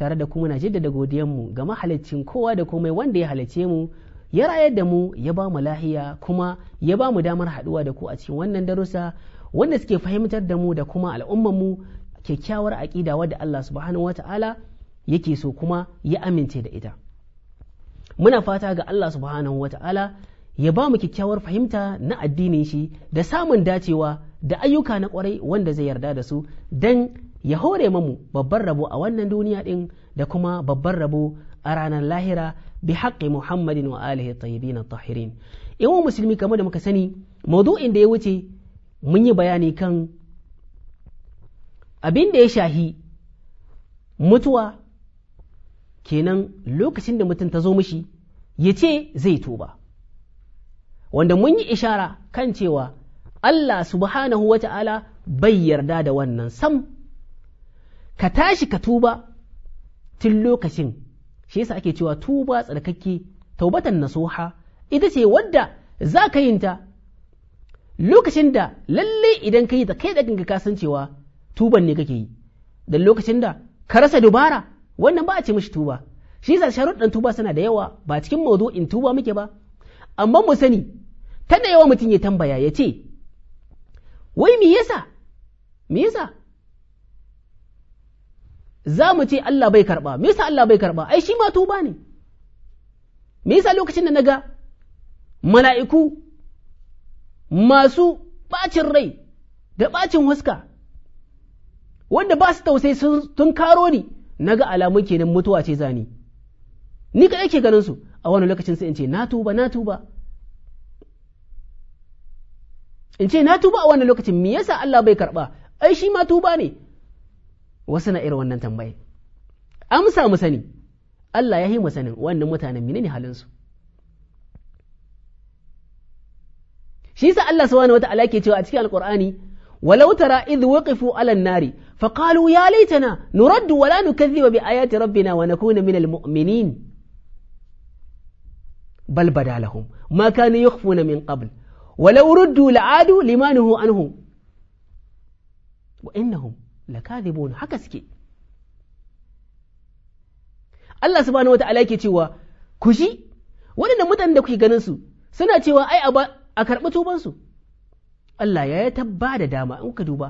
tare da kuma na jaddada godiyanmu ga mahaliccin kowa da komai wanda ya halice mu ya rayar da mu ya ba mu lahiya kuma ya ba mu damar haɗuwa da ku a cikin wannan darussa wanda suke fahimtar da mu da kuma mu kyakkyawar aƙida wadda Allah subhanahu wata'ala yake so kuma ya amince da ita muna fata ga Allah subhanahu wata'ala ya ba mu kyakkyawar fahimta na addinin shi da samun dacewa da ayyuka na kwarai wanda zai yarda da su dan ya hore mamu babban rabo a wannan duniya ɗin da kuma babban rabo a ranar lahira bi haƙƙi muhammadin wa alihi tayyibin tahirin yawan musulmi kamar da muka sani maudu'in da ya wuce mun yi bayani kan abin da ya shahi mutuwa kenan lokacin da mutum ta zo mishi ya ce zai tuba wanda mun yi ishara kan cewa Allah subhanahu wa ta'ala bai yarda da wannan sam ka tashi ka tuba tun lokacin shi yasa ake cewa tuba tsarkake taubatan nasuha ita ce wadda za ka ta lokacin da lalle idan ka yi ta kai da ka san cewa tuban ne kake yi da lokacin da ka rasa dubara wannan ba a ce mishi tuba shi yasa sharuɗan tuba suna da yawa ba cikin in tuba muke ba amma mu sani ta da yawa mutum ya tambaya ya ce wai me yasa me yasa za mu ce Allah bai karɓa me yasa Allah bai karɓa ai shi ma tuba ne me yasa lokacin da naga mala'iku masu bacin rai da bacin huska wanda ba su tausayi sun karo ni naga alamun kenan mutuwa ce zani ni kaɗai ke ganin su a wani lokacin sai in ce na tuba na tuba in ce na tuba a wani lokacin me yasa Allah bai karɓa ai shi ma tuba ne wasu na irin wannan tambaye amsa mu sani Allah ya yi mu sanin wannan mutanen menene halinsu shi yasa Allah subhanahu wata'ala ke cewa a cikin alqur'ani walau tara idh waqifu 'ala an-nari faqalu ya laitana nuraddu wa la nukadhiba bi ayati rabbina wa nakuna minal mu'minin bal bada lahum ma kanu yakhfuna min qabl ولو ردوا لعادوا لما نهوا عنه وإنهم lakadibun haka suke Allah subhanahu wata'ala yake cewa ku ji waɗannan mutanen da kuke ganin su suna cewa ai a karɓi tuban su Allah ya tabba da dama in ka duba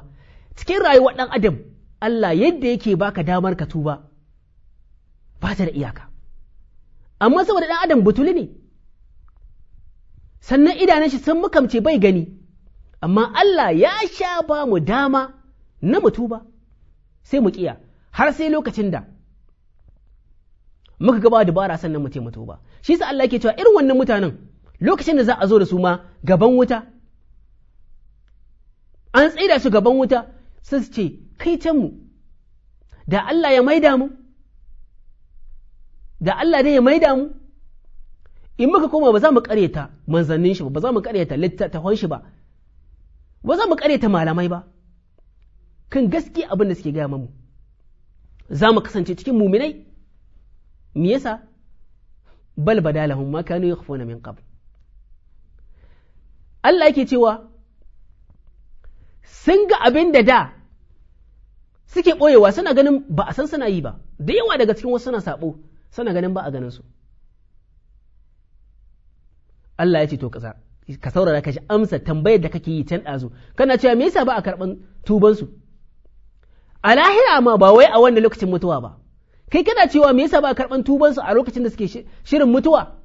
cikin rayuwar ɗan adam Allah yadda yake baka damar ka tuba ba ta da iyaka amma saboda ɗan adam butuli ne sannan idanun shi sun mukamce bai gani amma Allah ya sha ba mu dama na mutu ba sai mu kiya har sai lokacin da muka gaba dabara sannan mu mutu ba shi sa Allah yake cewa irin wannan mutanen lokacin da za a zo da su ma gaban wuta an tsira su gaban wuta su ce kai can mu da Allah ya maida mu da Allah ne ya maida mu in muka koma ba za mu karyata manzannin shi ba ba za mu karyata littattafan shi ba ba za mu karyata malamai ba kan gaske abin da suke gaya mamu za mu kasance cikin muminai me yasa bal badalahum ma kanu yakhfuna min qabl Allah yake cewa sun ga abin da da suke ɓoyewa suna ganin ba a san suna yi ba da yawa daga cikin wasu suna saɓo suna ganin ba a ganin su Allah ya ce to ka saurara ka ji amsa tambayar da kake yi can ɗazu kana cewa me yasa ba a tuban su. a lahira ma ba wai a wanda lokacin mutuwa ba kai kana cewa me yasa ba karban tubansu a lokacin da suke shirin mutuwa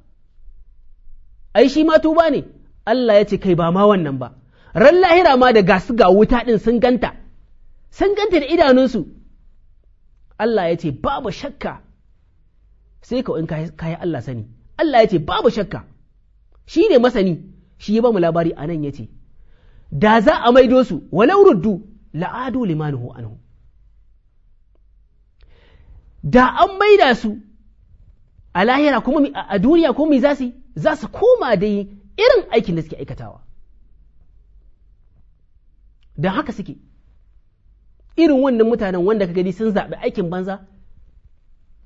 ai shi ma tuba ne Allah ya ce kai ba ma wannan ba ran lahira ma da gasu ga wuta din sun ganta sun ganta da idanunsu Allah ya ce babu shakka sai ka in yi Allah sani Allah ya ce babu shakka shi ne masani shi ya ba mu labari a nan ya ce da za a maido su walau ruddu la'adu limanuhu anhu da an maida su a lahira kuma a duniya kuma me za su za su koma da irin aikin da suke aikatawa da haka suke irin wannan mutanen wanda ka gani sun zaɓi aikin banza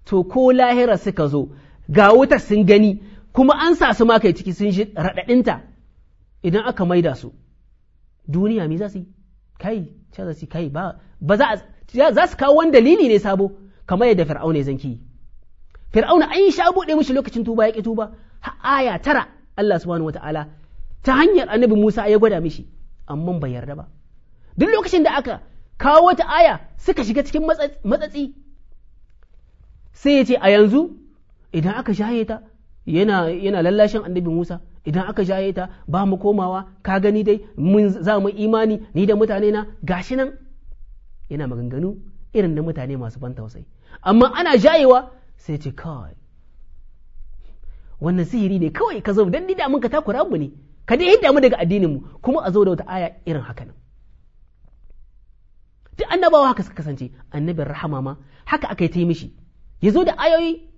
to ko lahira suka zo ga wuta sun gani kuma an sa su makai ciki sun shi raɗaɗinta idan aka maida su duniya me za su kawo wani dalili ne sabo kamar yadda fir'auna ya zanki fir'auna an yi sha buɗe mishi lokacin tuba ya ƙi tuba aya tara Allah subhanahu wataala ta hanyar annabi Musa ya gwada mishi amma bai yarda ba duk lokacin da aka kawo wata aya suka shiga cikin matsatsi sai ya ce a yanzu idan aka shaye ta yana yana lallashin annabi Musa idan aka shaye ta ba mu komawa ka gani dai mun za mu imani ni da mutane na gashi nan yana maganganu irin da mutane masu ban tausayi amma ana jayewa sai ce kawai wannan sihiri ne kawai ka zo dan dida mun ka takura mu ne ka dai hidda mu daga addinin mu kuma a zo da wata aya irin haka nan duk annabawa haka suka kasance annabin rahama ma haka aka yi ta yi mishi ya zo da ayoyi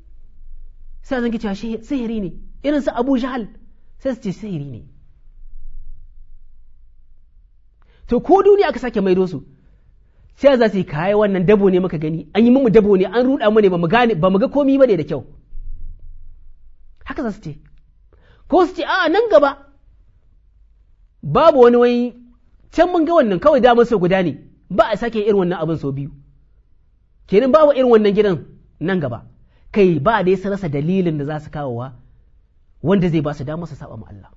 sai zan cewa sihiri ne irin su Abu Jahal sai su ce sihiri ne to ko duniya aka sake maido su sai za su yi kayan wannan dabo ne muka gani an yi mu dabo ne an ruɗa mu ne ba mu ga komi ba ne da kyau haka za su ce ko su ce a nan gaba babu wani wani can mun ga wannan kawai damar sau guda ne ba a sake irin wannan abin sau biyu kenan babu irin wannan gidan nan gaba kai ba dai su rasa dalilin da za su kawowa wanda zai ba su damar su saba ma Allah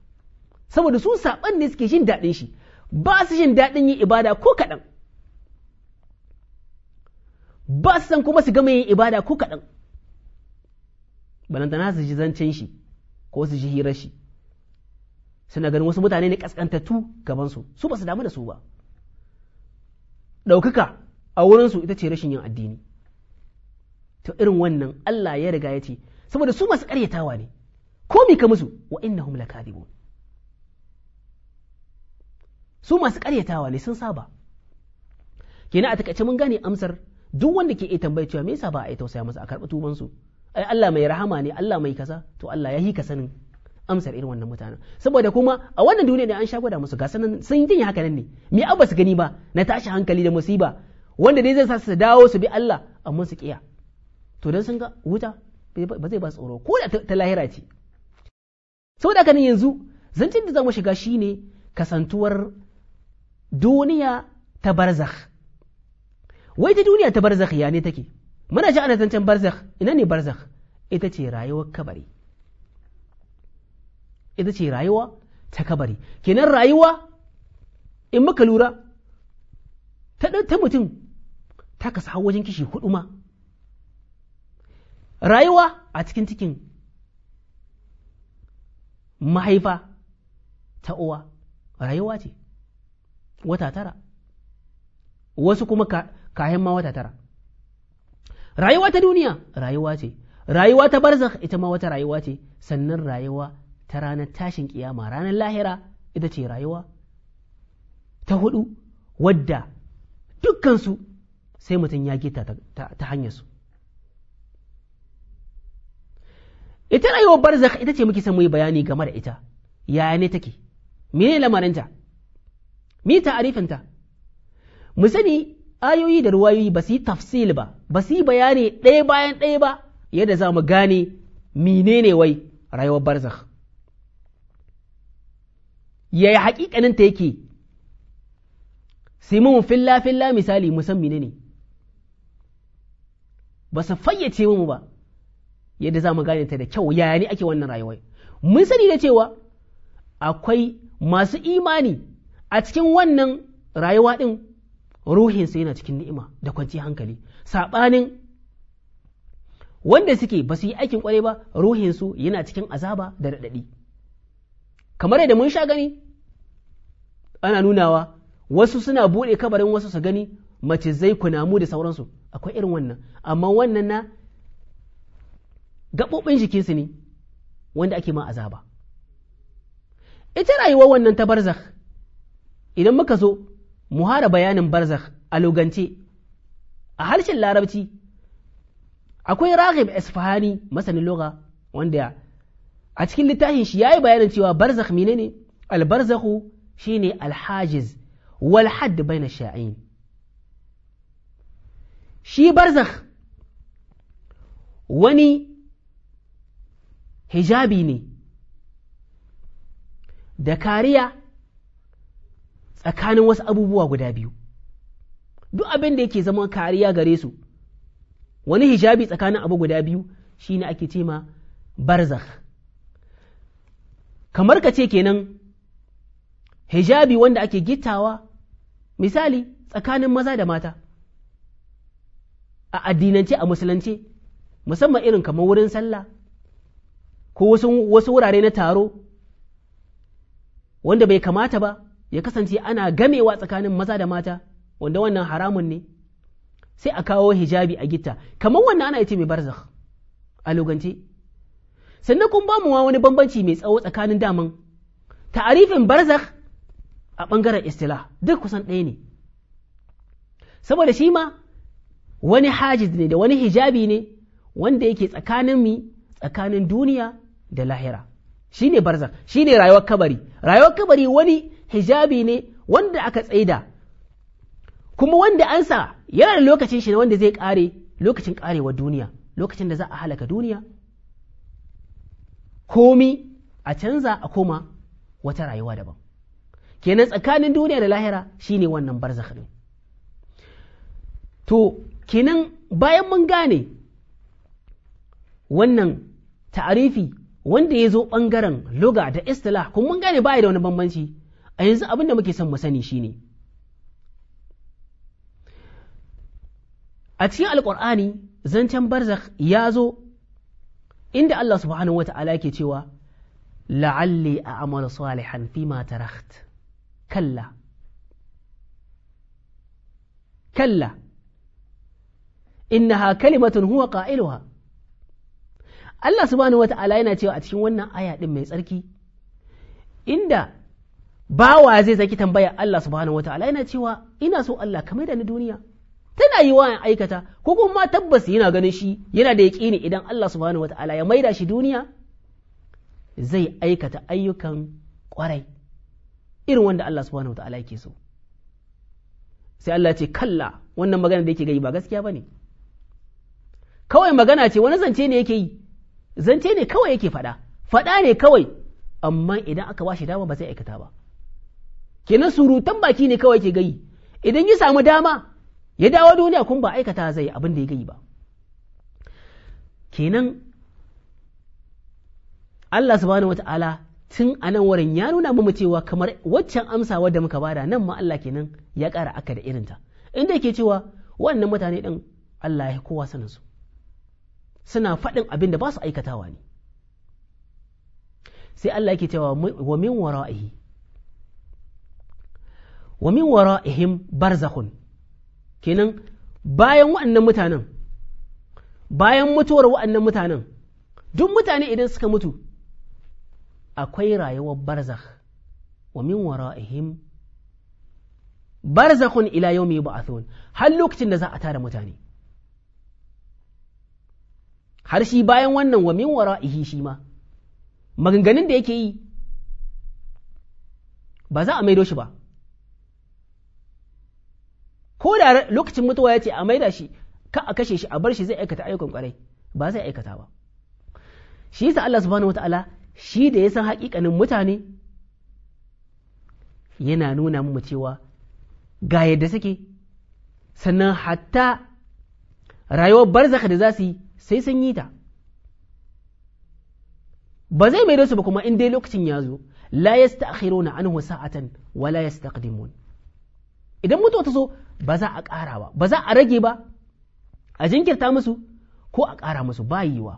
saboda su saban ne suke jin daɗin shi ba su jin daɗin yin ibada ko kaɗan ba su san kuma su gama yin ibada ko kaɗan balantana su ji zancen shi ko su ji hirar shi suna ganin wasu mutane ne ƙasƙantattu gabansu su ba su damu da su ba ɗaukaka a wurinsu ita ce rashin yin addini to irin wannan Allah ya riga ya ce saboda su masu ƙaryatawa ne ko mi ka musu wa innahum lakadibun su masu ƙaryatawa ne sun saba kenan a takaice mun gane amsar duk wanda ke iya tambaya cewa me yasa ba a yi tausaya masa a karɓi tubansu ai Allah mai rahama ne Allah mai kasa. to Allah ya yi ka sanin amsar irin wannan mutanen saboda kuma a wannan duniya ne an sha gwada musu gasanan sun yi haka nan ne me abba su gani ba na tashi hankali da musiba wanda dai zai sa su dawo su bi Allah amma su kiya to dan sun ga wuta ba zai ba tsoro ko da ta lahira ce saboda haka yanzu zancen da zamu mu shiga shine kasantuwar duniya ta barzakh wai ta duniya ta barzakh ya ne take muna ji ana zancen barzakh ina ne barzakh ita ce rayuwar kabari ita ce rayuwa ta kabari kenan rayuwa in muka lura ta ta mutum ta kasa wajen kishi hudu ma rayuwa a cikin cikin mahaifa ta uwa rayuwa ce wata tara wasu kuma kayan ma wata tara rayuwa ta duniya rayuwa ce rayuwa ta barzakh ita ma wata rayuwa ce sannan rayuwa ta ranar tashin kiyama ranar lahira ita ce rayuwa ta hudu wadda dukkansu sai mutum ya gita ta hanyarsu ita rayuwar barzakh ita ce muke son muyi bayani game da ita yaya ne take mene lamarinta mi ta'arifinta mu sani ayoyi da ruwayoyi ba su yi tafsil ba ba su yi bayani ɗaya bayan ɗaya ba yadda za mu gane menene wai rayuwar barzakh yaya haƙiƙanin ta yake sai mun filla filla misali mu san menene ba su fayyace mu ba yadda za mu gane ta da kyau yaya ne ake wannan rayuwar mun sani da cewa akwai masu imani a cikin wannan rayuwa ɗin ruhinsa yana cikin ni'ima da kwanci hankali saɓanin wanda suke ba su yi aikin kwarai ba ruhinsu yana cikin azaba da raɗaɗi kamar yadda mun sha gani ana nunawa wasu suna buɗe kabarin wasu su gani mace zai kunamu da sauransu akwai irin wannan amma wannan na gaɓoɓin jikinsu ne wanda ake ma azaba ita rayuwar wannan ta barzakh idan muka zo muhara bayanin barzak a lugance a harshen larabci akwai raghib isfahani masanin loga wanda a cikin littafin shi yayi bayanin cewa barzak menene albarzahu shine alhajiz wal hadd baina sha'in shi barzak wani hijabi ne da kariya tsakanin wasu abubuwa guda biyu duk abin da yake zama kariya gare su wani hijabi tsakanin abu guda biyu shi ne ake ce ma barzakh kamar ka ce kenan hijabi wanda ake gittawa misali tsakanin maza da mata a addinance a musulunce musamman irin kamar wurin sallah ko wasu wurare na taro wanda bai kamata ba ya kasance ana gamewa tsakanin maza da mata wanda wannan haramun ne sai a kawo hijabi a gita kamar wannan ana yace mai barzakh a logance sannan kun ba mu wani bambanci mai tsawo tsakanin daman ta'arifin barzakh a bangaren istilah duk kusan ɗaya ne saboda shi ma wani hajiz ne da wani hijabi ne wanda yake tsakanin mi tsakanin duniya da lahira shine ne barzakh shi rayuwar kabari rayuwar kabari wani hijabi ne wanda aka tsaida kuma wanda ansa sa yana da lokacin shi wanda zai kare lokacin karewa duniya lokacin da za a halaka duniya komi a canza a koma wata rayuwa daban kenan tsakanin duniya da lahira shine wannan barzakh din to kenan bayan mun gane wannan ta'arifi wanda ya zo ɓangaren luga da istilah kuma mun gane baya da wani bambanci a yanzu abin da muke son mu sani shine a cikin alƙur'ani zancen barzak ya zo inda Allah subhanahu wata'ala yake cewa la'alli a amala salihan fi ma tarakt kalla kalla innaha kalimatun huwa qa'iluha Allah subhanahu wata'ala yana cewa a cikin wannan aya din mai tsarki inda bawa zai saki tambaya Allah subhanahu wataala yana cewa ina so Allah ka da ni duniya tana yi wa aikata ko kuma tabbas yana ganin shi yana da yaƙini idan Allah subhanahu wataala ya maida shi duniya zai aikata ayyukan kwarai irin wanda Allah subhanahu wataala yake so sai Allah ce kalla wannan magana da yake gai ba gaskiya bane kawai magana ce wani zance ne yake yi zance ne kawai yake faɗa faɗa ne kawai amma idan aka ba shi dama ba zai aikata ba kenan surutan baki ne kawai ke gayi idan ya samu dama ya dawo duniya kun ba aikata zai abin da ya gayi ba kenan Allah subhanahu wata'ala tun a nan wurin ya nuna mu cewa kamar waccan amsa wadda muka bada nan ma Allah kenan ya kara aka da irin irinta inda yake cewa wannan mutane din Allah ya kowa sanin su suna faɗin abin da ba su aikatawa ne sai Allah yake cewa wa min wara'ihi wa min wara'ihim barzakhun kenan bayan wa'annan mutanen bayan mutuwar wa'annan mutanen duk mutane idan suka mutu akwai rayuwar barzakh wa min wara'ihim barzakhun ila yawmi ba'athun har lokacin da za a tara mutane har shi bayan wannan wa min wara'ihi shi ma maganganun da yake yi ba za a maido shi ba ko da lokacin mutuwa ya ce a maida shi ka a kashe shi a bar shi zai aikata ayyukan kwarai ba zai aikata ba shi yasa Allah subhanahu wataala shi da ya san haƙiƙanin mutane yana nuna mu cewa ga yadda suke sannan hatta rayuwar barzaka da za su yi sai sun yi ta ba zai mai su ba kuma in dai lokacin ya zo la yasta'khiruna anhu sa'atan wa la yastaqdimun idan mutuwa ta zo ba za a ƙara ba ba za a rage ba a jinkirta musu ko a ƙara musu ba yiwa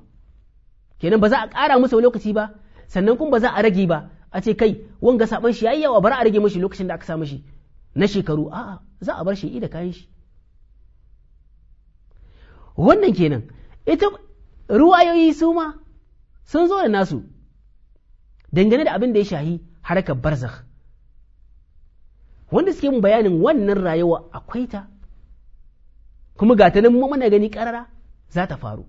kenan ba za a ƙara musu lokaci ba sannan kuma ba za a rage ba a ce kai wanga saban shi yayi yawa za a rage mashi lokacin da aka sa shi na shekaru a'a za a bar shi da kayan shi wannan kenan ita ruwayoyi su ma sun zo da nasu dangane da abin da ya shahi harkar barzakh wanda suke mun bayanin wannan rayuwa akwai ta kuma ga ta nan muna gani karara za ta faru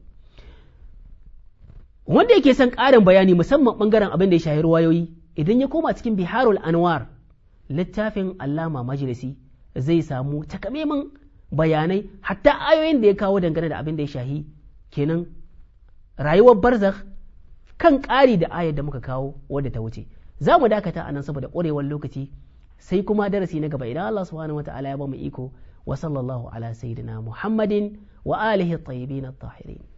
wanda yake son ƙarin bayani musamman ɓangaren abin da ya shahi ruwayoyi idan ya koma cikin biharul anwar littafin allama majalisi zai samu takamaiman bayanai hatta ayoyin da ya kawo dangane da abin da ya shahi kenan rayuwar barzak kan ƙari da ayar da muka kawo wadda ta wuce za mu dakata a nan saboda ƙwarewar lokaci sai kuma darasi na gaba idan Allah subhanahu wataala ya bamu iko wa sallallahu ala sayyidina Muhammadin wa alihi at-tayyibin at-tahirin